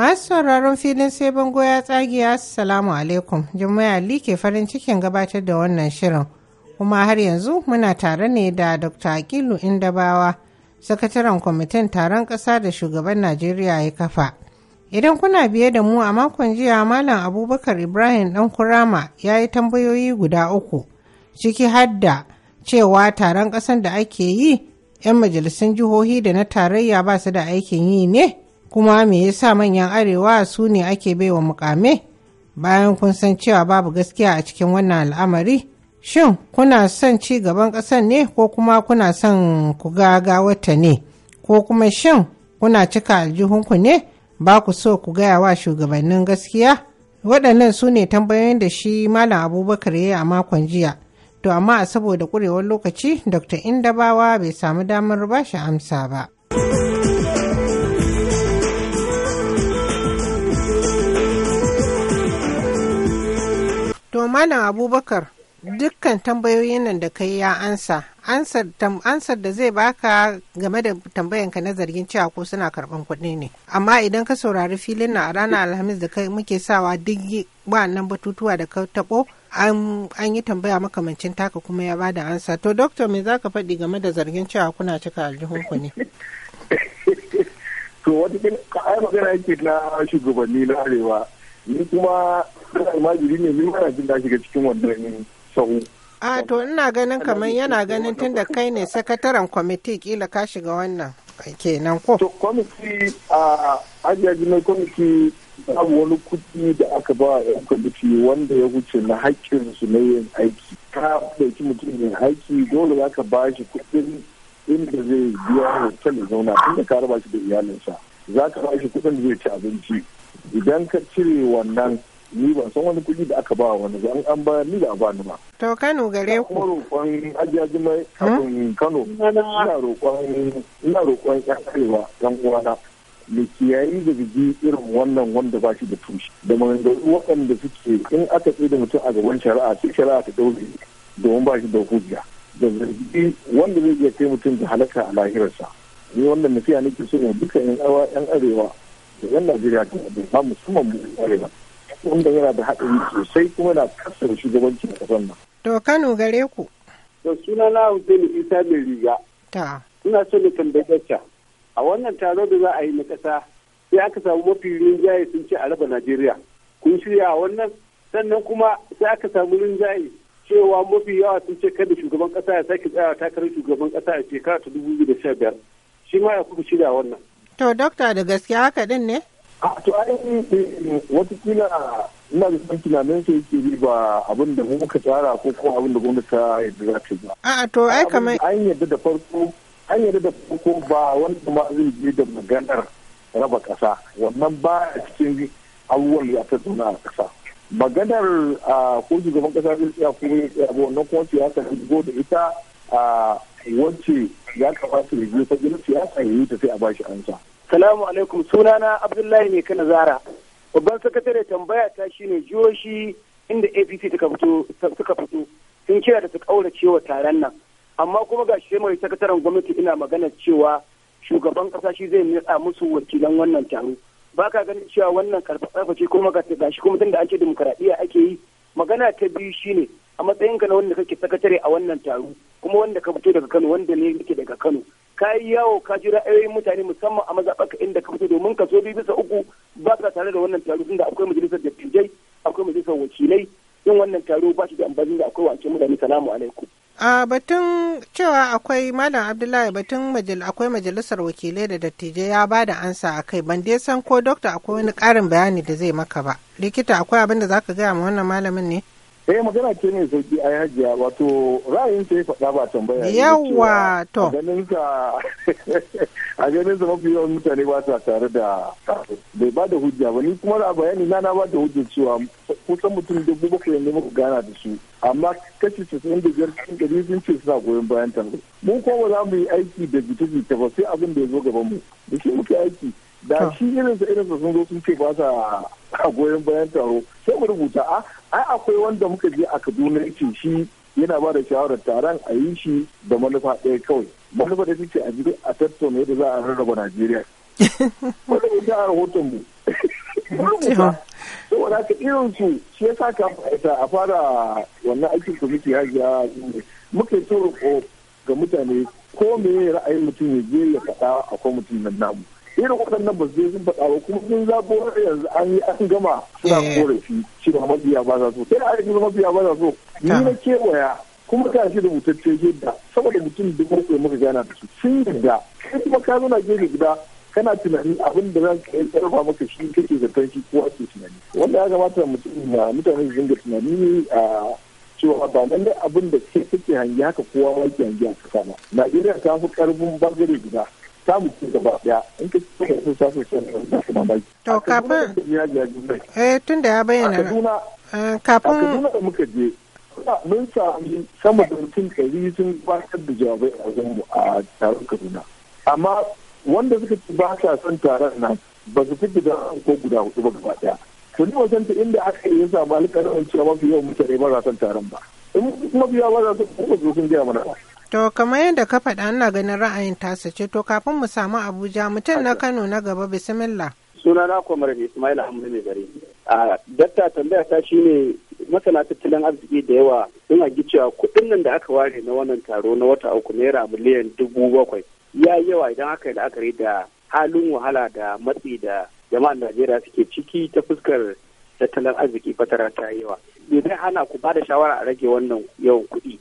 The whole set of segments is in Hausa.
Masu sauraron filin sai bango ya tsage assalamu alaikum. Jummai Ali ke farin cikin gabatar da wannan shirin. Kuma har yanzu muna tare ne da Dr. Akilu Indabawa, sakataren kwamitin taron ƙasa da shugaban Najeriya ya kafa. Idan kuna biye da mu a makon jiya Malam Abubakar Ibrahim ɗan Kurama ya yi tambayoyi guda uku, ciki hadda cewa taron ƙasan da ake yi 'yan majalisun jihohi da na tarayya ba su da aikin yi ne? kuma me yasa manyan arewa su ne ake baiwa mukame bayan kun san cewa babu gaskiya a cikin wannan al'amari shin kuna son ci gaban ƙasar ne ko kuma kuna son ku gaga wata ne ko kuma shin kuna cika aljihunku ne ba ku so ku gaya wa shugabannin gaskiya waɗannan su ne tambayoyin da shi malam abubakar ya yi a makon jiya to amma saboda ƙurewar lokaci dr indabawa bai samu damar ba shi amsa ba. To Malam Abubakar, dukkan tambayoyin nan da kai ya ansa, ansar da zai baka game da tambayanka na zargin cewa ko suna karban kuɗi ne. Amma idan ka saurari filin na a ranar Alhamis da kai muke sawa duk nan batutuwa da ka taɓo, an yi tambaya makamancin taka kuma ya bada ansa. To, Dokta, me za ka faɗi game da zargin cewa kuna cika aljihunku ne? To, wata magana yake na shugabanni na Arewa. ni kuma ma jiri ne ni mana jin shiga cikin wannan sahu a to ina ganin kamar yana ganin tun da kai ne sakataren kwamiti kila ka shiga wannan kenan ko to kwamiti a ajiyaji mai kwamiti babu wani kuɗi da aka ba yan kwamiti wanda ya wuce na hakkin su na yin aiki ka ɗauki mutum yin aiki dole za ka ba shi kuɗin inda zai biya hotel zauna tun da ka raba shi da iyalinsa za ka ba shi kuɗin zai ci abinci idan ka cire wannan ni ban san wani kuɗi da aka ba wani ba an bayar ni da a bani ba. To Kano gare ku. Kuma roƙon ajiyaji mai kafin hmm? Kano ina roƙon ina roƙon ƴan arewa ɗan uwana mu kiyaye da bigi irin wannan wanda ba shi da tushe da maganganu waɗanda suke in aka tsaye da mutum a gaban shari'a sai shari'a ta daure domin ba shi da hujja da zargi wanda zai iya kai mutum da halaka a lahirarsa ni wannan nafiya nake so ne duka yan arewa to yan najeriya da bai ba musamman mu arewa wanda yana da haɗari sosai kuma na kasar shugabanci a ƙasar nan. to kano gare ku. to suna na hussein isa mai riga. ta. suna so na tambayi a wannan taro da za a yi na ƙasa sai aka samu mafi rinjaye sun ce a raba najeriya kun shirya a wannan sannan kuma sai aka samu rinjaye cewa mafi yawa sun ce kada shugaban ƙasa ya sake tsayawa takarar shugaban ƙasa a shekara ta dubu biyu da sha biyar shi ma ya kuka shirya wannan. To, dokta da gaske haka din ne? A to ainihin watakila ina da san tunanin sai yake ba abin da muka tsara ko kuma abin da gwamnati ta yadda za ta ba. A to ai kamar an yadda da farko an yadda da farko ba wanda ma zai je da maganar raba kasa wannan ba a cikin abubuwan da ta zauna a kasa. Maganar ko shugaban kasa zai tsaya ko ya tsaya ba wannan kuma siyasa ta ko da ita a wacce ya kamata ya je gina siyasa ya yi ta sai a bashi ansa. Salamu alaikum sunana Abdullahi ne kana zara. Babban sakatare tambaya ta shine jihohi inda APC suka fito sun kira da su kaurace wa taron nan. Amma kuma ga shi mai sakataren gwamnati ina magana cewa shugaban kasa shi zai nutsa musu wakilan wannan taro. Ba ka ganin cewa wannan karfafa ce kuma ga shi kuma tunda an ce dimokuraɗiyya ake yi magana ta biyu shine a matsayinka na wanda kake sakatare a wannan taro kuma wanda ka fito daga Kano wanda ne yake daga Kano ka yi yawo ka ji ra'ayoyin mutane musamman a mazaɓaka inda ka fito domin ka so biyu bisa uku ba ka tare da wannan taro tunda akwai majalisar dattijai akwai majalisar wakilai in wannan taro ba shi da ambazin da akwai wancan mutane salamu alaikum. a batun cewa akwai malam abdullahi batun akwai majalisar wakilai da dattijai ya ba da ansa a kai ban dai san ko dokta akwai wani karin bayani da zai maka ba likita akwai abin da zaka gaya ma wannan malamin ne. eh magana ce mai sauki ai yi wato ra'ayin sai faɗa ba tambaya yawa to a ganin sa a ganin mafi yawan mutane ba sa tare da bai ba da hujja ba ni kuma a bayani na na ba da hujja cewa kusan mutum dubu bakwai ne muku gana da su amma kashi casa'in da biyar cikin ɗari sun ce suna goyon bayan ta mu ko ba za mu yi aiki da jita-jita ba sai abin da ya zo gaban mu da shi muke aiki da shi irinsa irinsa sun zo sun ce ba sa goyon bayan taro sai mu rubuta a ah, ai akwai wanda muka je a kaduna yake shi yana ba da shawarar taron a yi shi da manufa ɗaya kawai manufa da ce a jirgin a tattauna yadda za a rarraba najeriya wanda bai ta rahoton mu saboda haka irin su shi ya sa ka a fara wannan aikin ya hajiya muka yi ko ga mutane ko me ra'ayin mutum ya je ya faɗa a kwamitin nan namu irin waɗannan ba zai sun faɗa ba kuma sun zaɓo yanzu an yi an gama suna shi eh. ba mabiya ba za so sai a yi mabiya ba za so ni na kewaya kuma ka shi rubutacce yadda saboda mutum duk bakwai muka gana da su sun yadda kai kuma ka zo na gefe gida kana tunanin abin da za ka yi karfa maka shi kake zaton shi ko ke tunani wanda ya kamata mutane su dinga tunani ne a cewa ba lallai abin da ke kake hangi haka kowa ma ke hangi a kasa ba najeriya ta fi karfin bangare guda samu ci gaba daya in ka ci sun To kafin eh tun da A Kaduna eh, eh, kafin a Kaduna da muka je mun sami sama da mutum ɗari sun a wajen mu a taron Kaduna. Amma wanda suka ci son taron nan ba fi ko guda hudu ba gaba inda aka yi samu yawan mutane ba sa ba. In gaya mana To kamar yadda ka faɗa ana ganin ra'ayin tasa ce to kafin mu samu Abuja mutum na Kano na gaba bismillah. Suna na kwamar Ismail hamadu mai gari. A datta tambaya ta shine masana tattalin arziki da yawa suna gicewa kuɗin nan da aka ware na wannan taro na wata uku naira miliyan dubu bakwai ya yawa idan aka yi la'akari da halin wahala da matsi da jama'an Najeriya suke ciki ta fuskar tattalin arziki fatara ta yawa. Me zai hana ku bada shawara a rage wannan yawan kuɗi?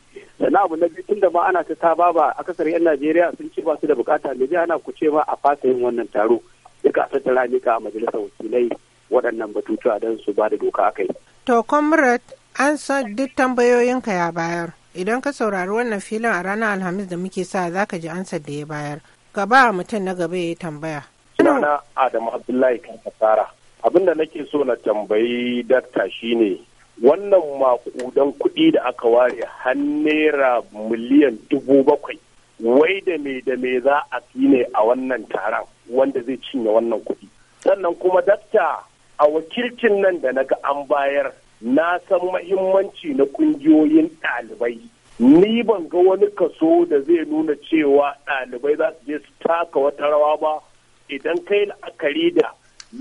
sannan abu na biyu tun da ma ana ta ta a kasar yan najeriya sun ce ba su da bukata me ana ku ce ma a fasa yin wannan taro duka a tattara ne ka majalisar wakilai waɗannan batutuwa don su ba da doka a kai. to comrade an san duk tambayoyinka ya bayar idan ka saurari wannan filin a ranar alhamis da muke sa za ka ji ansar da ya bayar gaba mutum na gaba ya yi tambaya. sunana adamu abdullahi kan kasara abin nake so na tambayi dakta shine wannan makudan kuɗi da aka ware har naira miliyan dubu bakwai wai da me da me za a fi ne a wannan taron wanda zai cinye wannan kuɗi sannan kuma dakta a wakilcin nan da na ga an bayar na san mahimmanci na ƙungiyoyin ɗalibai ni ban ga wani kaso da zai nuna cewa ɗalibai za su je su taka wata rawa ba idan kai la'akari da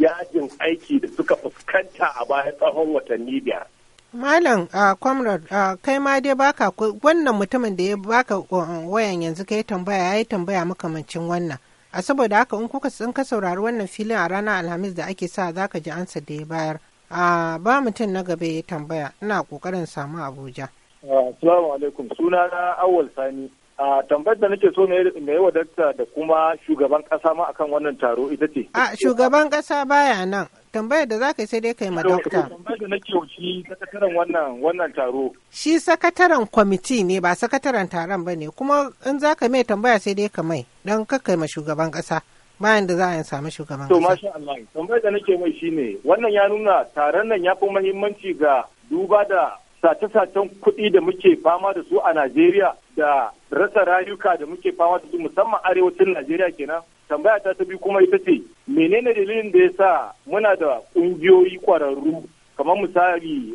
yajin aiki da suka fuskanta a baya tsawon watanni biyar Malam a uh, Comrade uh, kai ma dai baka wannan mutumin da ya baka uh, wayan yanzu ka yi tambaya ya yi tambaya makamancin wannan. A saboda haka in kuka sun ka saurari wannan filin a ranar Alhamis da ake sa za ka ji ansa da ya bayar. A ba mutum na gaba ya tambaya ina kokarin samu Abuja. Assalamu alaikum suna na Awal Sani a tambayar da nake so na yi wadatta da kuma shugaban kasa ma akan wannan taro ita ce. A shugaban kasa baya nan tambayar da za ka sai dai kai dokta. Tambayar da nake shi sakataren wannan wannan taro. Shi sakataren kwamiti ne ba sakataren taron ba ne kuma in za ka mai tambaya sai dai ka mai don ka kai ma shugaban kasa bayan da za a yi samu shugaban kasa. To masha Allah tambayar da nake mai shi ne wannan ya nuna taron nan ya fi muhimmanci ga duba da sace-sacen kuɗi da muke fama da su a Najeriya da rasa rayuka da muke fama da su musamman arewacin Najeriya kenan. Tambaya ta ta bi kuma ita ce, menene dalilin da ya sa muna da ƙungiyoyi kwararru kamar misali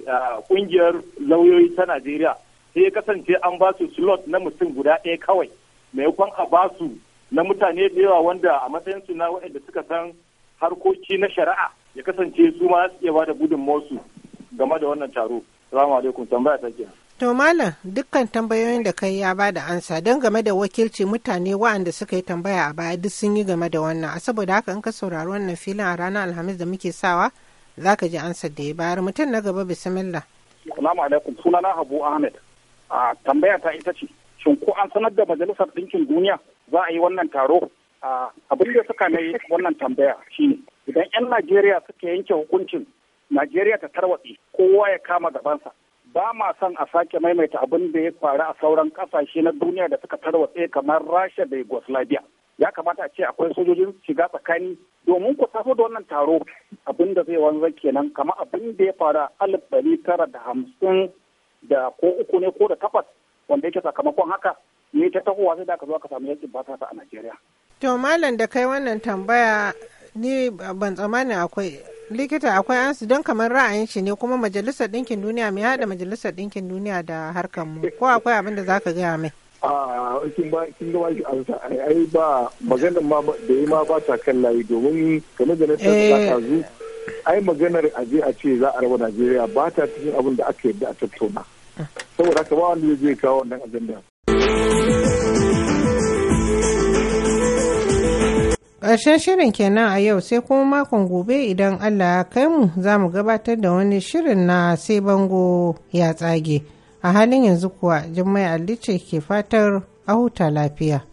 ƙungiyar lauyoyi ta Najeriya sai ya kasance an ba su slot na mutum guda ɗaya kawai maimakon a ba su na mutane da yawa wanda a matsayin su na waɗanda suka san harkoki na shari'a ya kasance su ma su iya ba da gudunmawarsu game da wannan taro. Salamu alaikum tambaya ta ke. To malam dukkan tambayoyin da kai ya bada ansa don game da wakilci mutane waɗanda suka yi tambaya a baya duk sun yi game da wannan a saboda haka in ka saurari wannan filin a ranar alhamis da muke sawa za ka ji ansa da ya bayar mutum na gaba bismillah. Salamu alaikum sunana Habu Ahmed a tambaya ta ita ce shin ko an sanar da majalisar ɗinkin duniya za a yi wannan taro abin da suka mai wannan tambaya shine idan 'yan Najeriya suka yanke hukuncin Najeriya ta tarwatse kowa ya kama gabansa. Ba ma son a sake maimaita abin da ya faru a sauran kasashe na duniya da suka tarwatse kamar Rasha da Yugoslavia. Ya kamata a ce akwai sojojin shiga tsakani domin ku tafi da wannan taro abin da zai wanzar kenan kamar abin da ya faru a alif tara da hamsin da ko uku ne ko da takwas wanda yake sakamakon haka ne ta tahowa sai da aka zo aka samu yakin ta a Najeriya. To malam da kai wannan tambaya ni ban tsammani akwai likita akwai ansu don kamar ra'ayin shi ne kuma majalisar ɗinkin duniya mai haɗa majalisar ɗinkin duniya da harkar mu ko akwai abin da za ka gaya mai kin ba kin ga ansa ai ba maganar ma da yi ma ba ta kan layi domin kamar da eh. ta zu ai maganar aje a ce za a raba Najeriya ba ta cikin abin da aka yarda a tattauna ah. saboda haka ba wanda zai kawo wannan ajanda Ƙarshen shirin kenan a yau sai kuma makon gobe idan Allah ya kai mu za mu gabatar da wani shirin na sai bango ya tsage. A halin yanzu kuwa Jummai Ali ce ke fatar a huta lafiya.